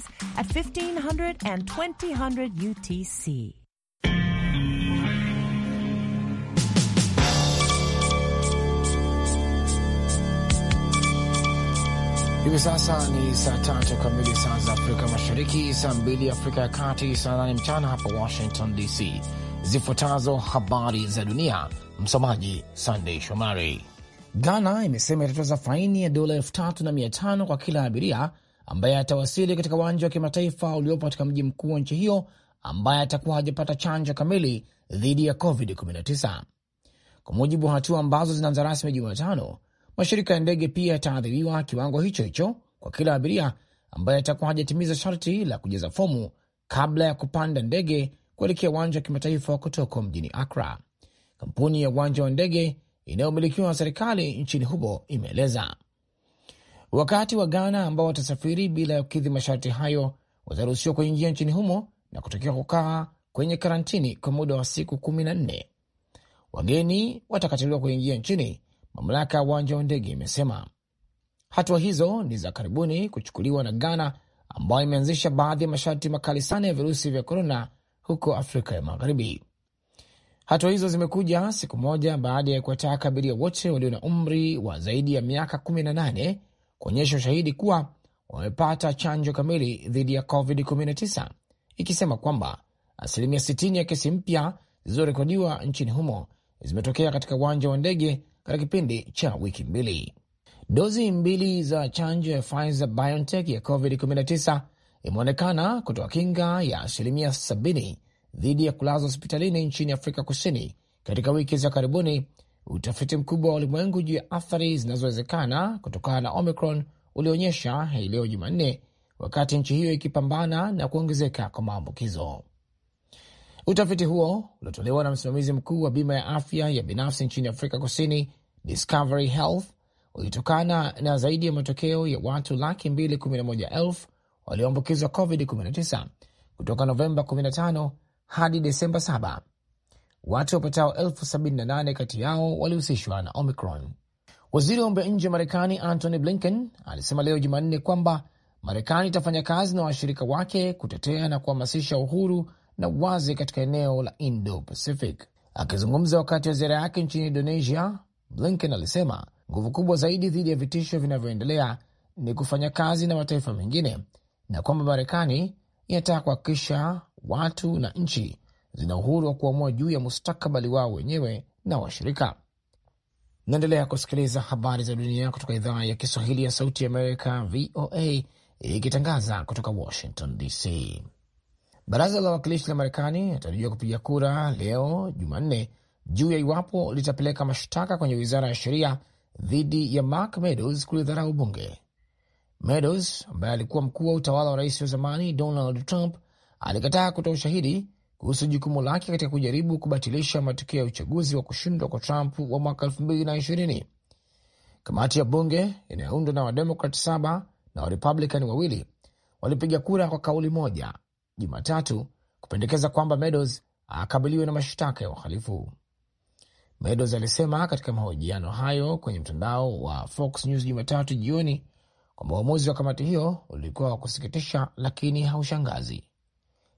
Fridays at 1500 and 2000 UTC. Hivi sasa ni saa tatu kamili saa za Afrika Mashariki, saa mbili Afrika ya Kati, saa nane mchana hapa Washington DC. Zifuatazo habari za dunia, msomaji Sandei Shomari. Ghana imesema itatoza faini ya dola elfu tatu na mia tano kwa kila abiria ambaye atawasili katika uwanja wa kimataifa uliopo katika mji mkuu wa nchi hiyo ambaye atakuwa hajapata chanjo kamili dhidi ya COVID-19. Kwa mujibu wa hatua ambazo zinaanza rasmi Jumatano, mashirika ya ndege pia yataadhibiwa kiwango hicho hicho kwa kila abiria ambaye atakuwa hajatimiza sharti la kujaza fomu kabla ya kupanda ndege kuelekea uwanja wa kimataifa wa mjini Accra. Kampuni ya uwanja wa ndege inayomilikiwa na serikali nchini humo imeeleza Wakati wa Ghana ambao watasafiri bila ya kukidhi masharti hayo wataruhusiwa kuingia nchini humo na kutakiwa kukaa kwenye karantini kwa muda wa siku kumi na nne. Wageni watakataliwa kuingia nchini, mamlaka ya uwanja wa ndege imesema. Hatua hizo ni za karibuni kuchukuliwa na Ghana ambayo imeanzisha baadhi ya masharti makali sana ya virusi vya korona huko Afrika ya Magharibi. Hatua hizo zimekuja siku moja baada ya kuwataka abiria wote walio na umri wa zaidi ya miaka kumi na nane kuonyesha ushahidi kuwa wamepata chanjo kamili dhidi ya COVID-19, ikisema kwamba asilimia 60 ya kesi mpya zilizorekodiwa nchini humo zimetokea katika uwanja wa ndege katika kipindi cha wiki mbili. Dozi mbili za chanjo ya Pfizer BioNTech ya COVID-19 imeonekana kutoa kinga ya asilimia 70 dhidi ya kulazwa hospitalini nchini Afrika Kusini katika wiki za karibuni, Utafiti mkubwa wa ulimwengu juu ya athari zinazowezekana kutokana na Omicron ulionyesha hii leo Jumanne, wakati nchi hiyo ikipambana na kuongezeka kwa maambukizo. Utafiti huo uliotolewa na msimamizi mkuu wa bima ya afya ya binafsi nchini Afrika Kusini, Discovery Health, ulitokana na zaidi ya matokeo ya watu laki mbili kumi na moja elfu walioambukizwa COVID-19 kutoka Novemba 15 hadi Desemba 7 Watu wapatao elfu sabini na nane kati yao walihusishwa na Omicron. Waziri wa mambo ya nje wa Marekani Antony Blinken alisema leo Jumanne kwamba Marekani itafanya kazi na washirika wake kutetea na kuhamasisha uhuru na uwazi katika eneo la Indo Pacific. Akizungumza wakati wa ziara yake nchini Indonesia, Blinken alisema nguvu kubwa zaidi dhidi ya vitisho vinavyoendelea ni kufanya kazi na mataifa mengine na kwamba Marekani inataka kuhakikisha watu na nchi zina uhuru wa kuamua juu ya mustakabali wao wenyewe na washirika. Naendelea kusikiliza habari za dunia kutoka idhaa ya Kiswahili ya Sauti ya Amerika, VOA, ikitangaza kutoka Washington DC. Baraza la Wawakilishi la Marekani atarajiwa kupiga kura leo Jumanne juu ya iwapo litapeleka mashtaka kwenye wizara ya sheria dhidi ya Mark Meadows kulidharau bunge. Meadows ambaye alikuwa mkuu wa utawala wa rais wa zamani Donald Trump alikataa kutoa ushahidi kuhusu jukumu lake katika kujaribu kubatilisha matokeo ya uchaguzi wa kushindwa kwa Trump wa mwaka 220 Kamati ya bunge inayoundwa na Wademokrat saba na Warepublican wawili walipiga kura kwa kauli moja Jumatatu kupendekeza kwamba Meadows akabiliwe na mashtaka ya uhalifu. Meadows alisema katika mahojiano hayo kwenye mtandao wa Fox News Jumatatu jioni kwamba uamuzi wa kamati hiyo ulikuwa wa kusikitisha, lakini haushangazi.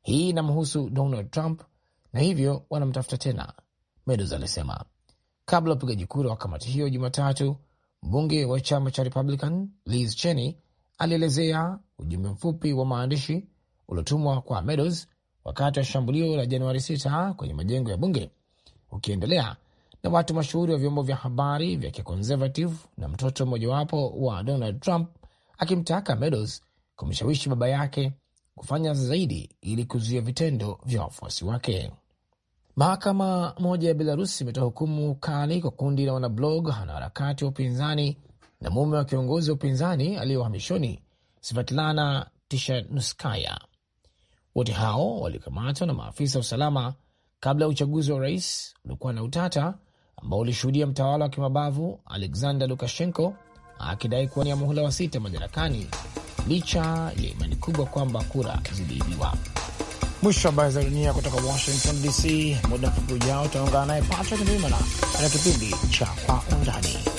Hii inamhusu Donald Trump na hivyo wanamtafuta tena, Meadows alisema kabla ya upigaji kura wa kamati hiyo Jumatatu. Mbunge wa chama cha Republican Liz Cheney alielezea ujumbe mfupi wa maandishi uliotumwa kwa Meadows wakati wa shambulio la Januari 6 kwenye majengo ya bunge ukiendelea na watu mashuhuri wa vyombo vya habari vya kiconservative na mtoto mmojawapo wa Donald Trump akimtaka Meadows kumshawishi baba yake kufanya zaidi ili kuzuia vitendo vya wafuasi wake. Mahakama moja ya Belarus imetoa hukumu kali kwa kundi la wanablog, wanaharakati wa upinzani na mume wa kiongozi wa upinzani aliye uhamishoni Svetlana Tishanuskaya. Wote hao walikamatwa na maafisa wa usalama kabla ya uchaguzi wa rais uliokuwa na utata ambao ulishuhudia mtawala wa kimabavu Alexander Lukashenko akidai kuwania muhula wa sita madarakani licha ya imani kubwa kwamba kura ziliibiwa. Mwisho habari za dunia kutoka Washington DC. Muda mfupi ujao utaungana naye Patrick Ndimana katika kipindi cha Kwa Undani.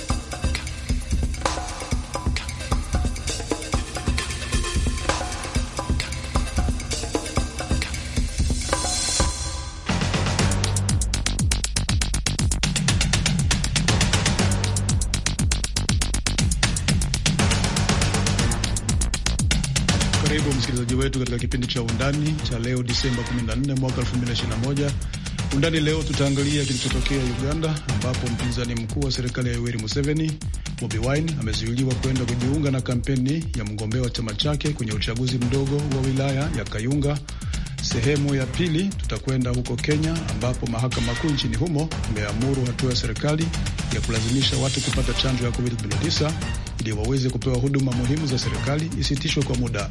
katika kipindi cha Undani cha leo Disemba 14 mwaka 2021. Undani leo tutaangalia kilichotokea Uganda, ambapo mpinzani mkuu wa serikali ya Yoweri Museveni, Bobi Wine, amezuiliwa kwenda kujiunga na kampeni ya mgombea wa chama chake kwenye uchaguzi mdogo wa wilaya ya Kayunga. Sehemu ya pili tutakwenda huko Kenya, ambapo mahakama kuu nchini humo imeamuru hatua ya serikali ya kulazimisha watu kupata chanjo ya COVID-19 ili waweze kupewa huduma muhimu za serikali isitishwe kwa muda.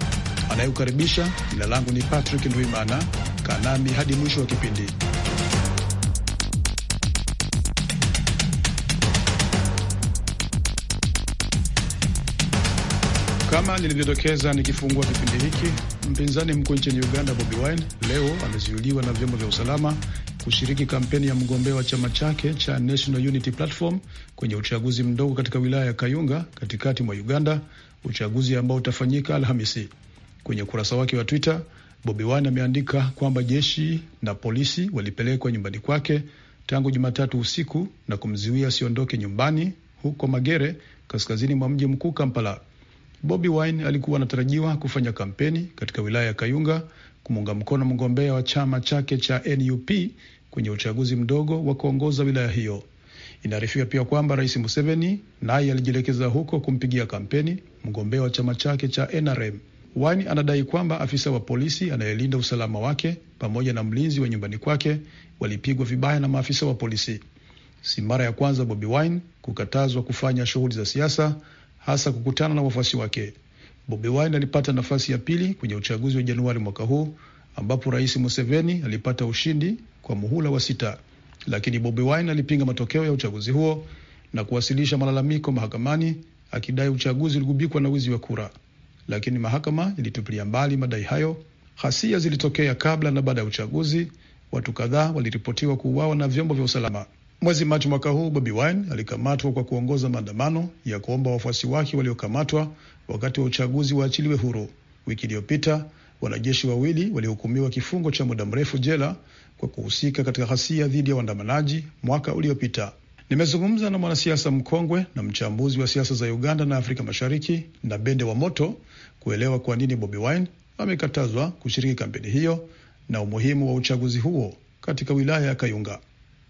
Anayeukaribisha, jina langu ni Patrick Ndwimana. Kaa nami hadi mwisho wa kipindi. Kama nilivyodokeza nikifungua kipindi hiki, mpinzani mkuu nchini Uganda Bobi Wine leo amezuiliwa na vyombo vya usalama kushiriki kampeni ya mgombea wa chama chake cha National Unity Platform kwenye uchaguzi mdogo katika wilaya ya Kayunga katikati mwa Uganda, uchaguzi ambao utafanyika Alhamisi. Kwenye ukurasa wake wa Twitter, Bobi Wine ameandika kwamba jeshi na polisi walipelekwa nyumbani kwake tangu Jumatatu usiku na kumziwia asiondoke nyumbani huko Magere, kaskazini mwa mji mkuu Kampala. Bobi Wine alikuwa anatarajiwa kufanya kampeni katika wilaya ya Kayunga kumuunga mkono mgombea wa chama chake cha NUP kwenye uchaguzi mdogo wa kuongoza wilaya hiyo. Inaarifiwa pia kwamba Rais Museveni naye alijielekeza huko kumpigia kampeni mgombea wa chama chake cha NRM. Wine anadai kwamba afisa wa polisi anayelinda usalama wake pamoja na mlinzi wa nyumbani kwake walipigwa vibaya na maafisa wa polisi. Si mara ya kwanza Bobi Wine kukatazwa kufanya shughuli za siasa, hasa kukutana na wafuasi wake. Bobi Wine alipata nafasi ya pili kwenye uchaguzi wa Januari mwaka huu ambapo Rais Museveni alipata ushindi kwa muhula wa sita, lakini Bobi Wine alipinga matokeo ya uchaguzi huo na kuwasilisha malalamiko mahakamani akidai uchaguzi uligubikwa na wizi wa kura, lakini mahakama ilitupilia mbali madai hayo. Ghasia zilitokea kabla na baada ya uchaguzi. Watu kadhaa waliripotiwa kuuawa na vyombo vya usalama. Mwezi Machi mwaka huu, Bobi Wine alikamatwa kwa kuongoza maandamano ya kuomba wafuasi wake waliokamatwa wakati wa uchaguzi waachiliwe huru. Wiki iliyopita wanajeshi wawili walihukumiwa kifungo cha muda mrefu jela kwa kuhusika katika ghasia dhidi ya waandamanaji mwaka uliopita. Nimezungumza na mwanasiasa mkongwe na mchambuzi wa siasa za Uganda na Afrika Mashariki na Bende wa Moto kuelewa kwa nini Bobi Wine amekatazwa kushiriki kampeni hiyo na umuhimu wa uchaguzi huo katika wilaya ya Kayunga.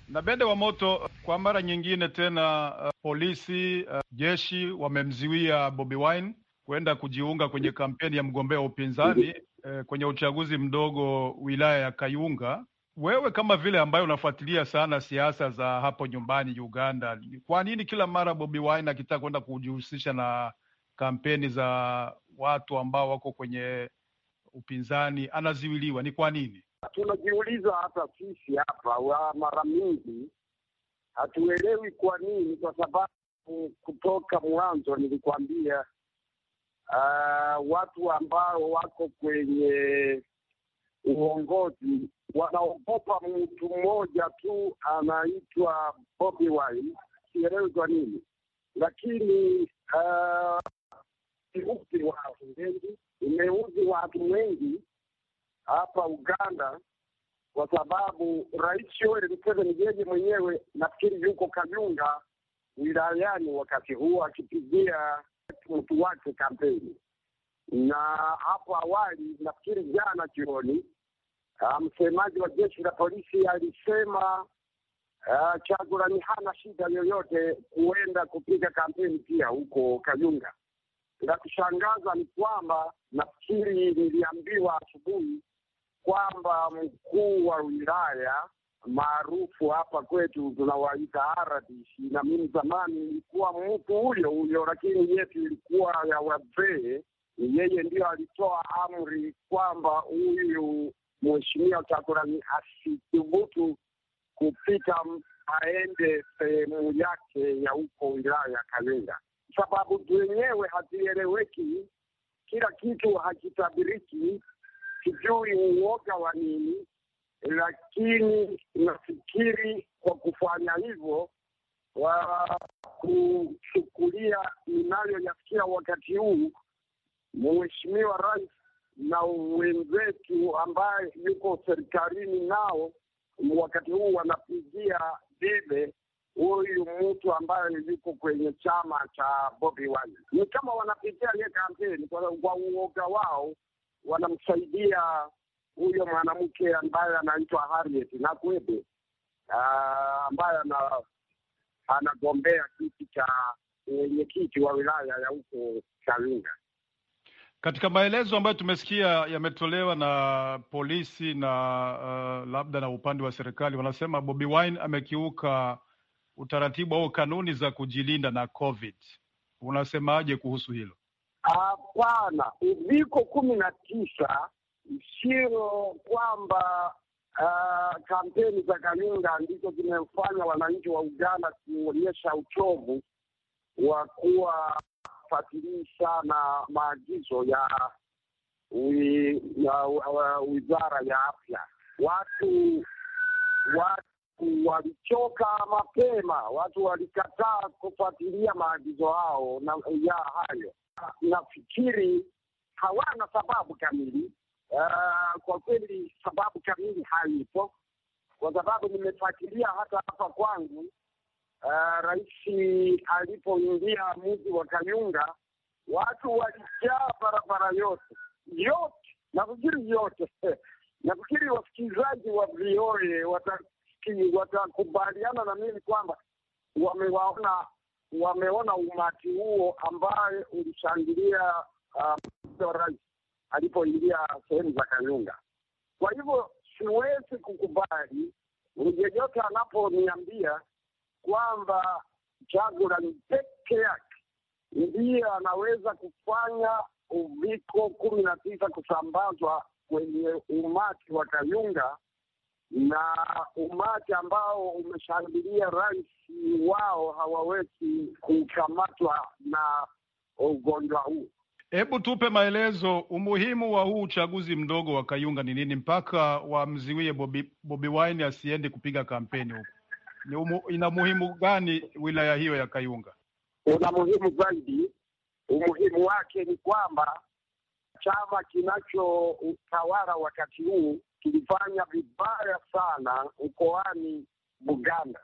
Na Bende wa Moto, kwa mara nyingine tena, uh, polisi uh, jeshi wamemziwia Bobi Wine kwenda kujiunga kwenye kampeni ya mgombea wa upinzani eh, kwenye uchaguzi mdogo wilaya ya Kayunga. Wewe kama vile ambayo unafuatilia sana siasa za hapo nyumbani Uganda, kwa nini kila mara Bobi Wine akitaka kwenda kujihusisha na kampeni za watu ambao wako kwenye upinzani anaziwiliwa? Ni kwa nini? Tunajiuliza hata sisi hapa mara mingi, hatuelewi kwa nini, kwa sababu kutoka mwanzo nilikwambia uh, watu ambao wako kwenye uongozi wanaogopa mtu mmoja tu anaitwa Bobi Wine, sielewi kwa nini, lakini uh, watu wengi, imeuzi watu wengi hapa Uganda kwa sababu Rais Yoweri Museveni yeye mwenyewe nafikiri yuko Kayunga wilayani wakati huo akipigia mtu wake kampeni. Na hapo awali, nafikiri jana jioni, uh, msemaji wa jeshi la polisi alisema uh, ah, Chagurani hana shida yoyote kuenda kupiga kampeni pia huko Kayunga. La kushangaza ni kwamba nafikiri niliambiwa asubuhi kwamba mkuu wa wilaya maarufu hapa kwetu tunawaita Haradish, na mimi zamani nilikuwa mtu huyo huyo, lakini yetu ilikuwa ya wazee. Yeye ndiyo alitoa amri kwamba huyu mheshimiwa Chakurani asithubutu kupita aende sehemu yake ya huko wilaya ya Kalenga, sababu zenyewe hazieleweki, kila kitu hakitabiriki, sijui uoga wa nini lakini nafikiri kwa kufanya hivyo wa kuchukulia ninayoyasikia wakati huu Mheshimiwa Rais na wenzetu ambaye yuko serikalini nao wakati huu wanapigia debe huyu mtu ambaye yuko kwenye chama cha Bobi Wine. Ni kama wanapigia ye kampeni kwa, kwa uoga wao wanamsaidia huyo mwanamke ambaye anaitwa Harriet Nakwebe ambaye ana anagombea kiti cha mwenyekiti wa wilaya ya huko Chalinga. Katika maelezo ambayo tumesikia yametolewa na polisi na uh, labda na upande wa serikali, wanasema Bobi Wine amekiuka utaratibu au kanuni za kujilinda na COVID. Unasemaje kuhusu hilo? Hapana, uviko kumi na tisa sio kwamba uh, kampeni za Kalinga ndizo zimefanya wananchi wa Uganda kuonyesha uchovu wa kuwa fatilii sana maagizo ya wizara ya afya. Watu watu walichoka mapema, watu walikataa kufuatilia maagizo hao na ya hayo. Nafikiri hawana sababu kamili Ah, kwa kweli sababu kamili haipo, kwa sababu nimefuatilia hata hapa kwangu uh, rais alipoingia mji wa Kayunga watu walijaa barabara yote yote, nafikiri yote nafikiri wasikilizaji wa VOA watakubaliana wata na mimi kwamba wamewaona wameona umati huo ambaye ulishangilia uh, rais alipoingia sehemu za Kayunga. Kwa hivyo siwezi kukubali yeyote anaponiambia kwamba Kyagulanyi peke yake ndiye anaweza kufanya uviko kumi na tisa kusambazwa kwenye umati wa Kayunga na umati ambao umeshangilia rais wao hawawezi kukamatwa na ugonjwa huu. Hebu tupe maelezo umuhimu wa huu uchaguzi mdogo wa Kayunga ni nini mpaka wamziwie Bobi, Bobi Wine asiende kupiga kampeni huko? Ina muhimu gani wilaya hiyo ya Kayunga? Una muhimu zaidi, umuhimu wake ni kwamba chama kinachotawala wakati huu kilifanya vibaya sana mkoani Buganda,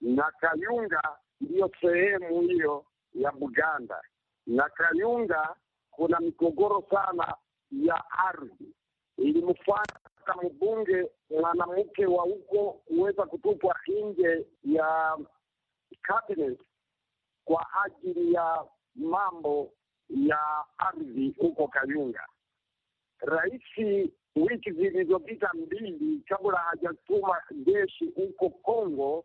na Kayunga ndiyo sehemu hiyo ya Buganda, na Kayunga kuna migogoro sana ya ardhi, ilimfanya mbunge mwanamke wa huko kuweza kutupwa nje ya cabinet kwa ajili ya mambo ya ardhi huko Kayunga. Rais wiki zilizopita mbili, kabla hajatuma jeshi huko Kongo,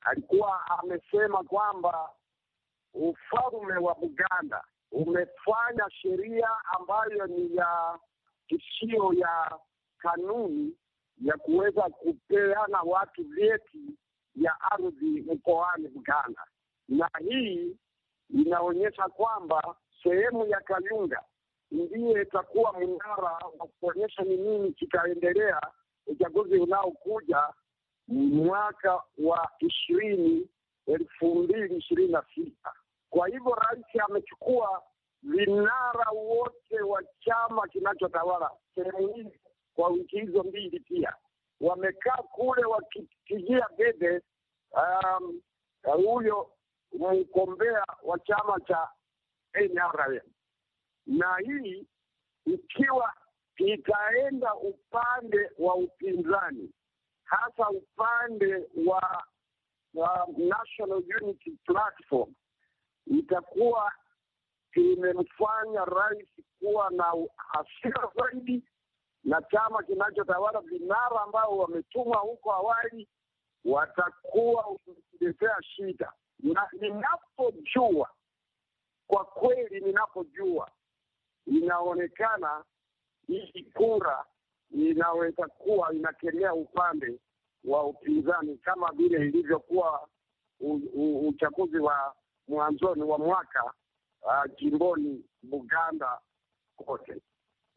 alikuwa amesema kwamba ufalme wa Buganda umefanya sheria ambayo ni ya tishio ya kanuni ya kuweza kupeana watu vyeti ya ardhi mkoani Buganda, na hii inaonyesha kwamba sehemu ya Kayunga ndiye itakuwa mnara wa kuonyesha ni nini kitaendelea uchaguzi unaokuja mwaka wa ishirini elfu mbili ishirini na sita. Kwa hivyo rais amechukua vinara wote wa chama kinachotawala sehemu hii kwa wiki hizo mbili, pia wamekaa kule wakipigia debe um, huyo um, mgombea wa chama cha NRM, na hii ikiwa itaenda upande wa upinzani, hasa upande wa, wa um, National Unity Platform itakuwa kimemfanya rais kuwa na hasira zaidi, na chama kinachotawala vinara ambao wametumwa huko awali watakuwa wamekiletea shida, na ninapojua kwa kweli, ninapojua inaonekana hii kura inaweza kuwa inakemea upande wa upinzani kama vile ilivyokuwa uchaguzi wa mwanzoni wa mwaka uh, jimboni Buganda kote.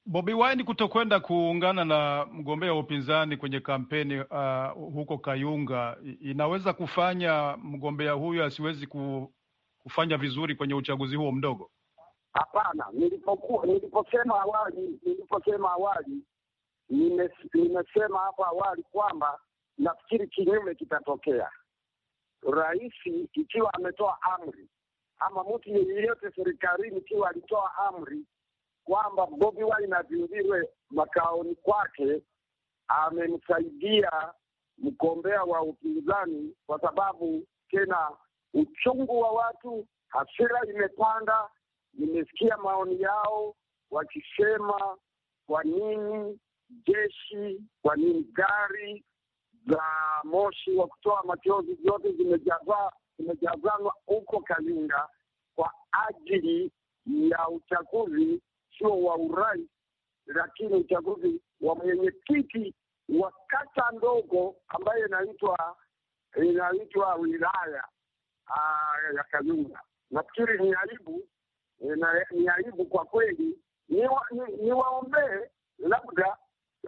Bobi Wine kutokwenda kuungana na mgombea wa upinzani kwenye kampeni uh, huko Kayunga inaweza kufanya mgombea huyo asiwezi kufanya vizuri kwenye uchaguzi huo mdogo? Hapana, nilipokuwa niliposema awali niliposema awali nimesema hapo awali kwamba nafikiri kinyume kitatokea rais ikiwa ametoa amri ama mtu yeyote serikalini ikiwa alitoa amri kwamba Bobi Wine azindiwe makaoni kwake, amemsaidia mgombea wa upinzani, kwa sababu tena uchungu wa watu, hasira imepanda. Nimesikia maoni yao wakisema, kwa nini jeshi, kwa nini gari za moshi wa kutoa machozi zote zimejazanwa huko Kalinga kwa ajili ya uchaguzi sio wa urais, lakini uchaguzi wa mwenyekiti wa kata ndogo ambayo inaitwa inaitwa wilaya ah, ya Kalinga. Nafikiri ni aibu, eh, ni aibu kwa kweli. Niwaombee ni, ni labda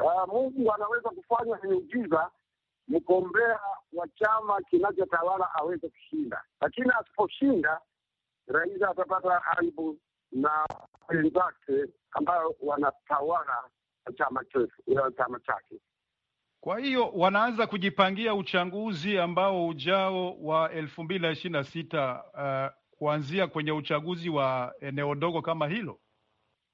uh, Mungu anaweza kufanya miujiza mgombea wa chama kinachotawala aweze kushinda, lakini asiposhinda, rais atapata aibu na wenzake ambayo wanatawala chama eh, chama chake. Kwa hiyo wanaanza kujipangia uchaguzi ambao ujao wa elfu mbili na ishirini na sita uh, kuanzia kwenye uchaguzi wa eneo dogo kama hilo.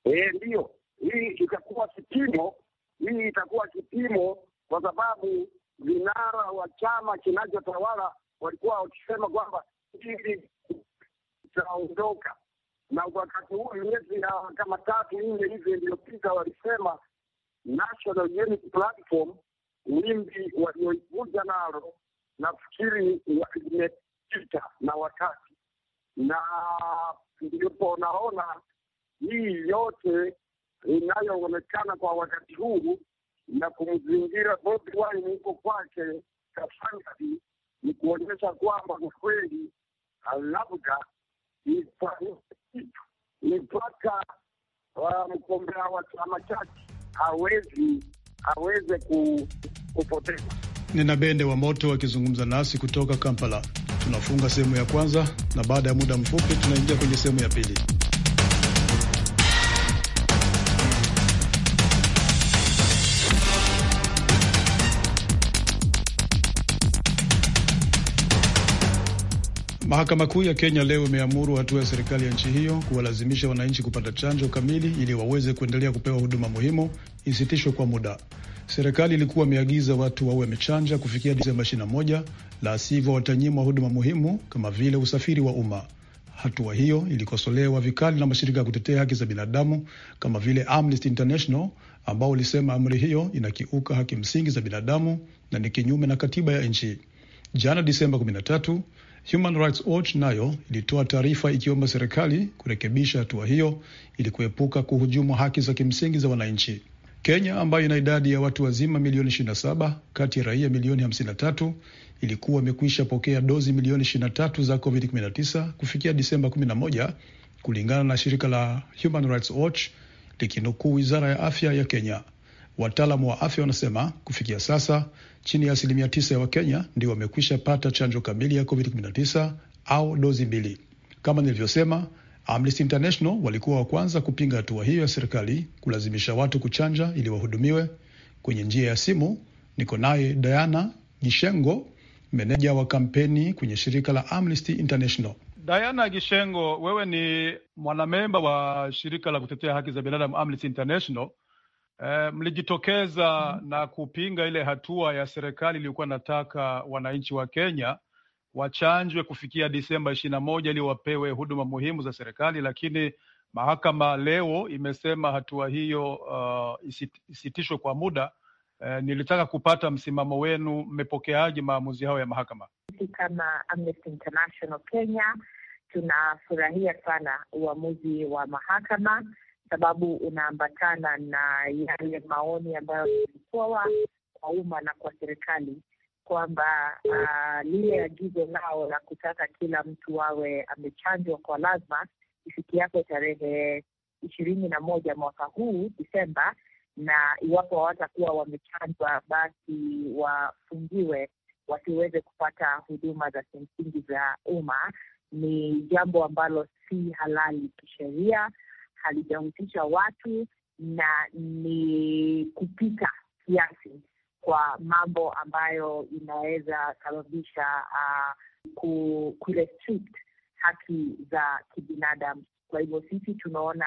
E, eh, ndiyo hii itakuwa kipimo, hii itakuwa kipimo kwa sababu vinara wa chama kinachotawala walikuwa wakisema kwamba hili itaondoka, na wakati huu miezi ya kama tatu nne hivi iliyopita walisema National Unity Platform, wimbi walioivuja nalo nafikiri limepita na wakati, na ndipo naona hii yote inayoonekana kwa wakati huu na kumzingira Bobi Wine huko kwake Kasangali ni kuonyesha kwamba kwa kweli labda ifanyike kitu mpaka mgombea wa chama chake hawezi aweze kupoteza. Nina Bende wa Moto akizungumza nasi kutoka Kampala. Tunafunga sehemu ya kwanza na baada ya muda mfupi tunaingia kwenye sehemu ya pili. Mahakama Kuu ya Kenya leo imeamuru hatua ya serikali ya nchi hiyo kuwalazimisha wananchi kupata chanjo kamili ili waweze kuendelea kupewa huduma muhimu isitishwe kwa muda. Serikali ilikuwa imeagiza watu wawe wamechanja kufikia Disemba 21, la sivyo watanyimwa huduma muhimu kama vile usafiri wa umma. Hatua hiyo ilikosolewa vikali na mashirika ya kutetea haki za binadamu kama vile Amnesty International ambao ulisema amri hiyo inakiuka haki msingi za binadamu na ni kinyume na katiba ya nchi. Jana Disemba Human Rights Watch nayo ilitoa taarifa ikiomba serikali kurekebisha hatua hiyo ili kuepuka kuhujumu haki za kimsingi za wananchi. Kenya ambayo ina idadi ya watu wazima milioni 27 kati ya raia milioni 53 ilikuwa imekwisha pokea dozi milioni 23 za COVID-19 kufikia Disemba 11 kulingana na shirika la Human Rights Watch likinukuu wizara ya afya ya Kenya. Wataalamu wa afya wanasema kufikia sasa chini ya asilimia tisa ya Wakenya ndio wamekwisha pata chanjo kamili ya COVID-19 au dozi mbili. Kama nilivyosema, Amnesty International walikuwa wa kwanza kupinga hatua hiyo ya serikali kulazimisha watu kuchanja ili wahudumiwe. Kwenye njia ya simu niko naye Diana Gishengo, meneja wa kampeni kwenye shirika la Amnesty International. Diana Gishengo, wewe ni mwanamemba wa shirika la kutetea haki za binadamu Amnesty International. E, mlijitokeza mm-hmm. na kupinga ile hatua ya serikali iliyokuwa nataka wananchi wa Kenya wachanjwe kufikia Disemba ishirini na moja ili wapewe huduma muhimu za serikali, lakini mahakama leo imesema hatua hiyo uh, isitishwe kwa muda. Uh, nilitaka kupata msimamo wenu, mmepokeaje maamuzi hayo ya mahakama? Sisi kama Amnesty International Kenya tunafurahia sana uamuzi wa mahakama sababu unaambatana na yale maoni ambayo yalitoa kwa umma na kwa serikali kwamba uh, lile agizo lao la kutaka kila mtu awe amechanjwa kwa lazima ifikiapo tarehe ishirini na moja mwaka huu Desemba, na iwapo hawatakuwa wamechanjwa basi wafungiwe wasiweze kupata huduma za kimsingi za umma, ni jambo ambalo si halali kisheria halijahusisha watu na ni kupita kiasi kwa mambo ambayo inaweza sababisha uh, kurestrict haki za kibinadamu. Kwa hivyo sisi tunaona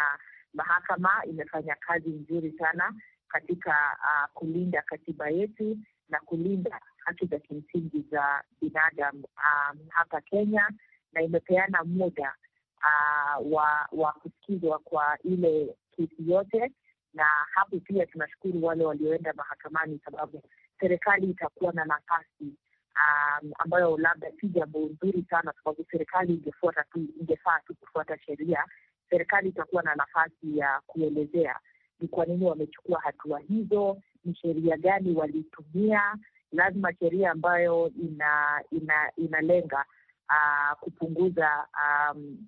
mahakama imefanya kazi nzuri sana katika uh, kulinda katiba yetu na kulinda haki za kimsingi za binadamu um, hapa Kenya, na imepeana muda uh, wa, wa kusikizwa kwa ile kesi yote, na hapo pia tunashukuru wale walioenda mahakamani, sababu serikali itakuwa na nafasi um, ambayo labda si jambo nzuri sana, sababu serikali ingefuata tu, ingefaa tu kufuata sheria. Serikali itakuwa na nafasi ya kuelezea ni kwa nini wamechukua hatua hizo, ni sheria gani walitumia. Lazima sheria ambayo ina, ina, inalenga uh, kupunguza um,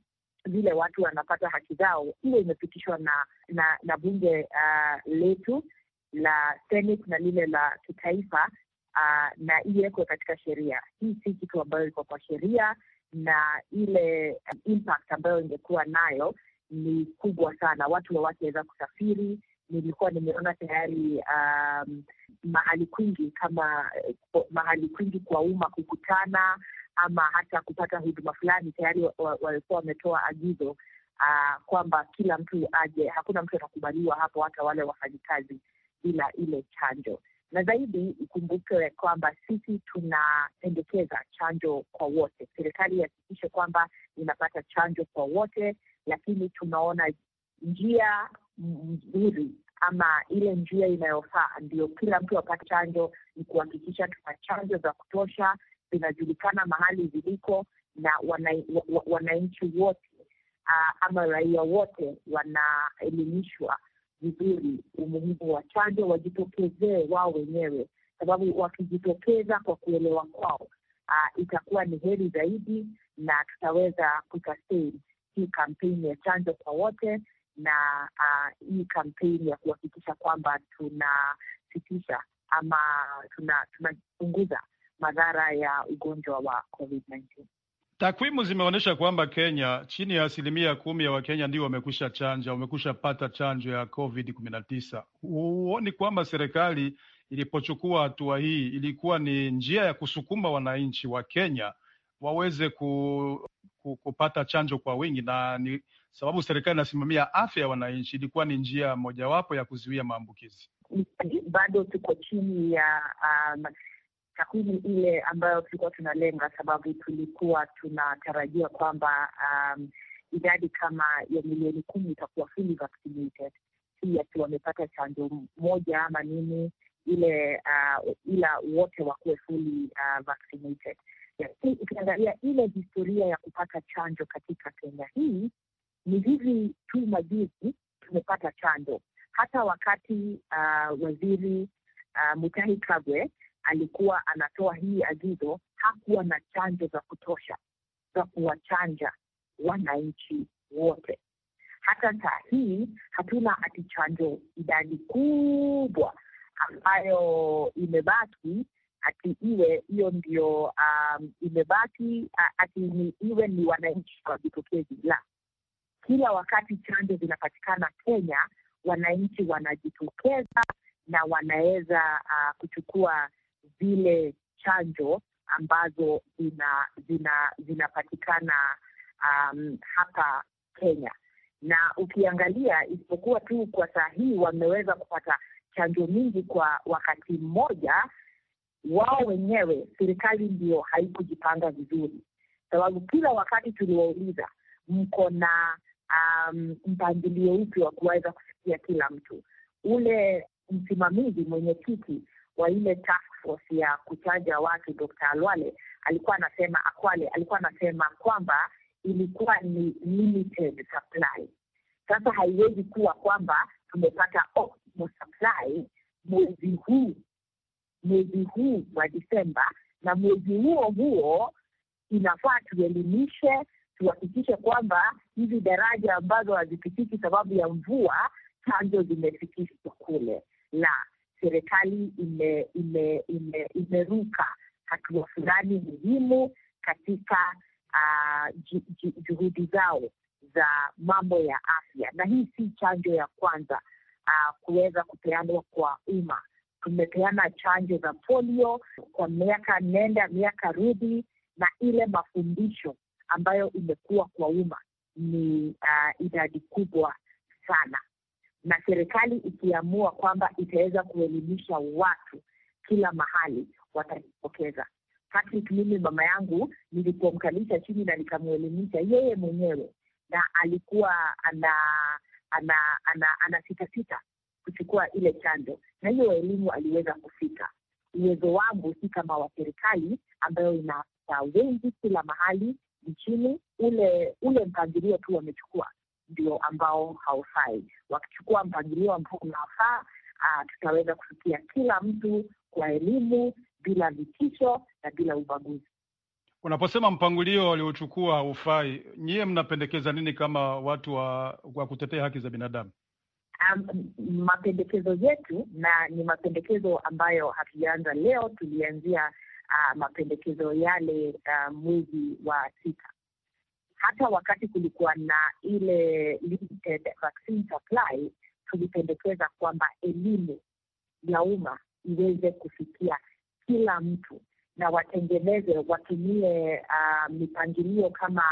vile watu wanapata haki zao. Hiyo imepitishwa na na, na bunge uh, letu la Senate na lile la kitaifa uh, na iwekwe katika sheria. Hii si kitu ambayo iko kwa sheria, na ile uh, impact ambayo ingekuwa nayo ni kubwa sana. Watu hawataweza kusafiri. Nilikuwa nimeona tayari um, mahali kwingi kama eh, mahali kwingi kwa umma kukutana ama hata kupata huduma fulani, tayari walikuwa wametoa agizo uh, kwamba kila mtu aje, hakuna mtu atakubaliwa hapo, hata wale wafanyikazi bila ile chanjo. Na zaidi ikumbuke kwamba sisi tunapendekeza chanjo kwa wote. Serikali ihakikishe kwamba inapata chanjo kwa wote, lakini tunaona njia nzuri ama ile njia inayofaa ndio kila mtu apate chanjo ni kuhakikisha tuna chanjo za kutosha, vinajulikana mahali ziliko na wananchi wana, wana wote uh, ama raia wote wanaelimishwa vizuri umuhimu wa chanjo, wajitokezee wao wenyewe, sababu wakijitokeza kwa kuelewa kwao uh, itakuwa ni heri zaidi na tutaweza kusustain hii kampeni ya chanjo kwa wote na uh, hii kampeni ya kuhakikisha kwamba tunasitisha ama tunapunguza tuna madhara ya ugonjwa wa COVID-19. Takwimu zimeonyesha kwamba Kenya, chini ya asilimia kumi ya Wakenya ndio wamekusha chanja, wamekusha pata chanjo ya COVID kumi na tisa. Huoni kwamba serikali ilipochukua hatua hii ilikuwa ni njia ya kusukuma wananchi wa Kenya waweze ku, ku, kupata chanjo kwa wingi, na ni sababu serikali inasimamia afya ya wananchi, ilikuwa ni njia mojawapo ya kuzuia maambukizi? Bado tuko chini ya uh, takwimu ile ambayo tulikuwa tunalenga, sababu tulikuwa tunatarajia kwamba um, idadi kama ya milioni kumi itakuwa fully vaccinated, si ati wamepata chanjo moja ama nini ile uh, ila wote wakuwe fully uh, vaccinated. Ukiangalia ile historia ya kupata chanjo katika Kenya hii ni hivi tu majuzi tumepata chanjo, hata wakati uh, waziri uh, Mutahi Kagwe alikuwa anatoa hii agizo, hakuwa na chanjo za kutosha za kuwachanja wananchi wote. Hata saa hii hatuna hati chanjo idadi kubwa ambayo imebaki ati iwe hiyo ndio um, imebaki ati ni iwe ni wananchi wajitokezi la kila wakati chanjo zinapatikana Kenya, wananchi wanajitokeza na wanaweza uh, kuchukua zile chanjo ambazo zinapatikana zina, zina um, hapa Kenya na ukiangalia, isipokuwa tu kwa saa hii wameweza kupata chanjo nyingi kwa wakati mmoja, wao wenyewe serikali ndio haikujipanga vizuri, sababu kila wakati tuliwauliza mko na um, mpangilio upi wa kuweza kufikia kila mtu. Ule msimamizi mwenye kiti wa ile task force ya kuchanja watu d Alwale alikuwa anasema Akwale alikuwa anasema kwamba ilikuwa ni limited supply. Sasa haiwezi kuwa kwamba tumepata optimal supply mwezi huu mwezi huu wa Disemba, na mwezi huo huo inafaa tuelimishe, tuhakikishe kwamba hizi daraja ambazo hazipitiki sababu ya mvua chanjo zimefikishwa kule la serikali imeruka ime, ime, ime hatua fulani muhimu katika uh, juhudi zao za mambo ya afya, na hii si chanjo ya kwanza uh, kuweza kupeanwa kwa umma. Tumepeana chanjo za polio kwa miaka nenda miaka rudi, na ile mafundisho ambayo imekuwa kwa umma ni uh, idadi kubwa sana na serikali ikiamua kwamba itaweza kuelimisha watu kila mahali watajitokeza. Patrick, mimi mama yangu nilipomkalisha chini na nikamwelimisha yeye mwenyewe, na alikuwa ana ana ana anasitasita kuchukua ile chanjo, na hiyo elimu aliweza kufika. Uwezo wangu si kama wa serikali ambayo inaa wengi kila mahali nchini. Ule ule mpangilio tu wamechukua ndio ambao haufai. Wakichukua mpangilio ambao unafaa, ah, tutaweza kufikia kila mtu kwa elimu bila vitisho na bila ubaguzi. Unaposema mpangilio waliochukua haufai, nyie mnapendekeza nini kama watu wa, wa kutetea haki za binadamu? Um, mapendekezo yetu na ni mapendekezo ambayo hatujaanza leo, tulianzia uh, mapendekezo yale uh, mwezi wa sita hata wakati kulikuwa na ile limited vaccine supply, tulipendekeza kwamba elimu ya umma iweze kufikia kila mtu na watengeneze watumie uh, mipangilio kama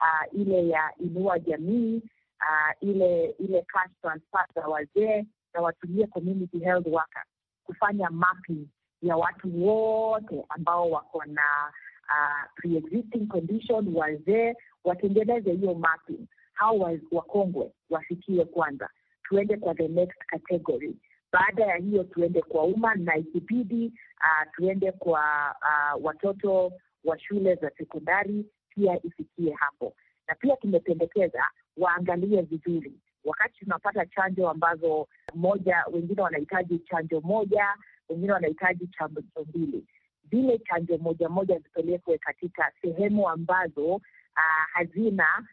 uh, ile ya inua jamii uh, ile ile cash transfer za wazee, na watumie community health worker kufanya mapping ya watu wote ambao wako na uh, pre-existing condition, wazee watengeneze hiyo mapping, hao wakongwe wafikiwe kwanza, tuende kwa the next category. Baada ya hiyo tuende kwa umma na ikibidi uh, tuende kwa uh, watoto wa shule za sekondari pia ifikie hapo, na pia tumependekeza waangalie vizuri wakati tunapata chanjo ambazo moja, wengine wanahitaji chanjo moja, wengine wanahitaji chanjo mbili zile chanjo moja moja zipelekwe katika sehemu ambazo uh, hazina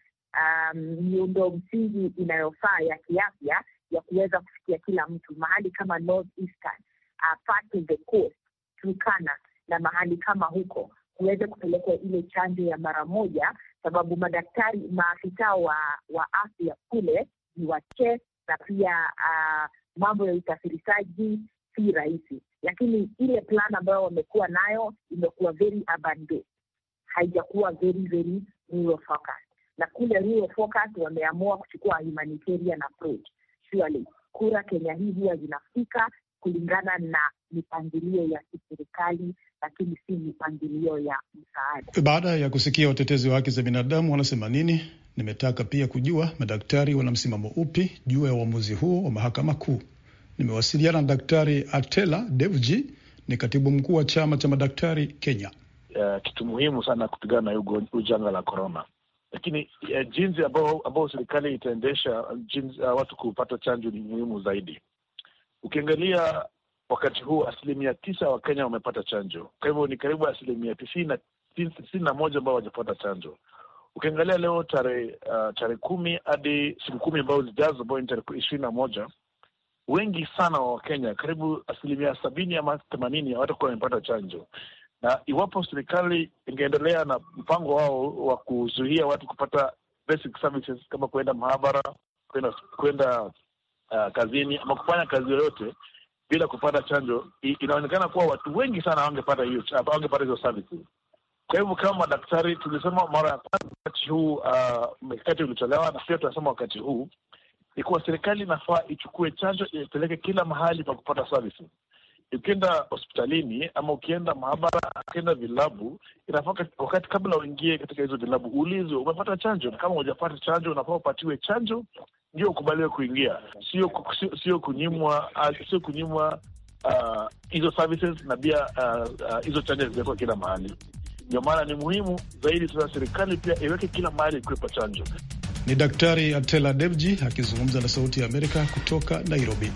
um, miundo um, msingi inayofaa ya kiafya ya kuweza kufikia kila mtu, mahali kama North Eastern, uh, part of the coast, Turkana na mahali kama huko kuweze kupelekwa ile chanjo ya mara moja, sababu madaktari, maafisa wa wa afya kule ni wache, na pia uh, mambo ya usafirishaji si rahisi, lakini ile plan ambayo wamekuwa nayo imekuwa very urban based, haijakuwa very very rural focused. Na kule rural focused wameamua kuchukua humanitarian approach. Surely kura Kenya hii huwa zinafika kulingana na mipangilio ya kiserikali lakini si mipangilio ya msaada. Baada ya kusikia watetezi wa haki za binadamu wanasema nini, nimetaka pia kujua madaktari wana msimamo upi juu ya uamuzi huo wa mahakama kuu. Nimewasiliana na Daktari Atela Devji, ni katibu mkuu wa chama cha madaktari Kenya. Uh, kitu muhimu sana kupigana na huu janga la korona, lakini uh, jinsi ambao serikali itaendesha jinsi, uh, watu kupata chanjo ni muhimu zaidi. Ukiangalia wakati huu asilimia tisa wa Kenya wamepata chanjo, kwa hivyo ni karibu asilimia tisini na moja ambao wajapata chanjo. Ukiangalia leo tarehe uh, tarehe kumi hadi siku kumi ambao zijazo, ambao ni tarehe ishirini na moja wengi sana wa Wakenya, karibu asilimia sabini ama themanini hawatakuwa wamepata chanjo, na iwapo serikali ingeendelea na mpango wao wa kuzuia watu kupata basic services kama kuenda maabara, kuenda, kuenda uh, ah, kazini ama kufanya kazi yoyote bila kupata chanjo, inaonekana kuwa watu wengi sana hawangepata hiyo, hawangepata hizo services. Kwa hivyo kama madaktari tulisema mara ya kwanza wakati huu uh, ah, mikakati ulitolewa na pia tunasema wakati huu ni kuwa serikali inafaa ichukue chanjo ipeleke kila mahali pa kupata services. Ukienda hospitalini ama ukienda maabara, ukienda vilabu, inafaa wakati kabla uingie katika hizo vilabu uulizwe umepata chanjo, na kama hujapata chanjo unafaa upatiwe chanjo ndio ukubaliwe kuingia, sio sio kunyimwa, ah, sio kunyimwa ah, hizo uh, services na pia ah, hizo uh, uh, chanjo zimekuwa kila mahali. Ndio maana ni muhimu zaidi sana serikali pia iweke kila mahali kuwepa chanjo. Ni Daktari Atela Debji akizungumza na Sauti ya Amerika kutoka Nairobi.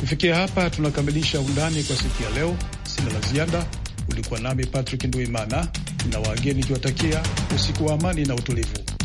Kufikia hapa tunakamilisha Undani kwa siku ya leo. Sina la ziada. Ulikuwa nami Patrick Nduimana na wageni ikiwatakia usiku wa amani na utulivu.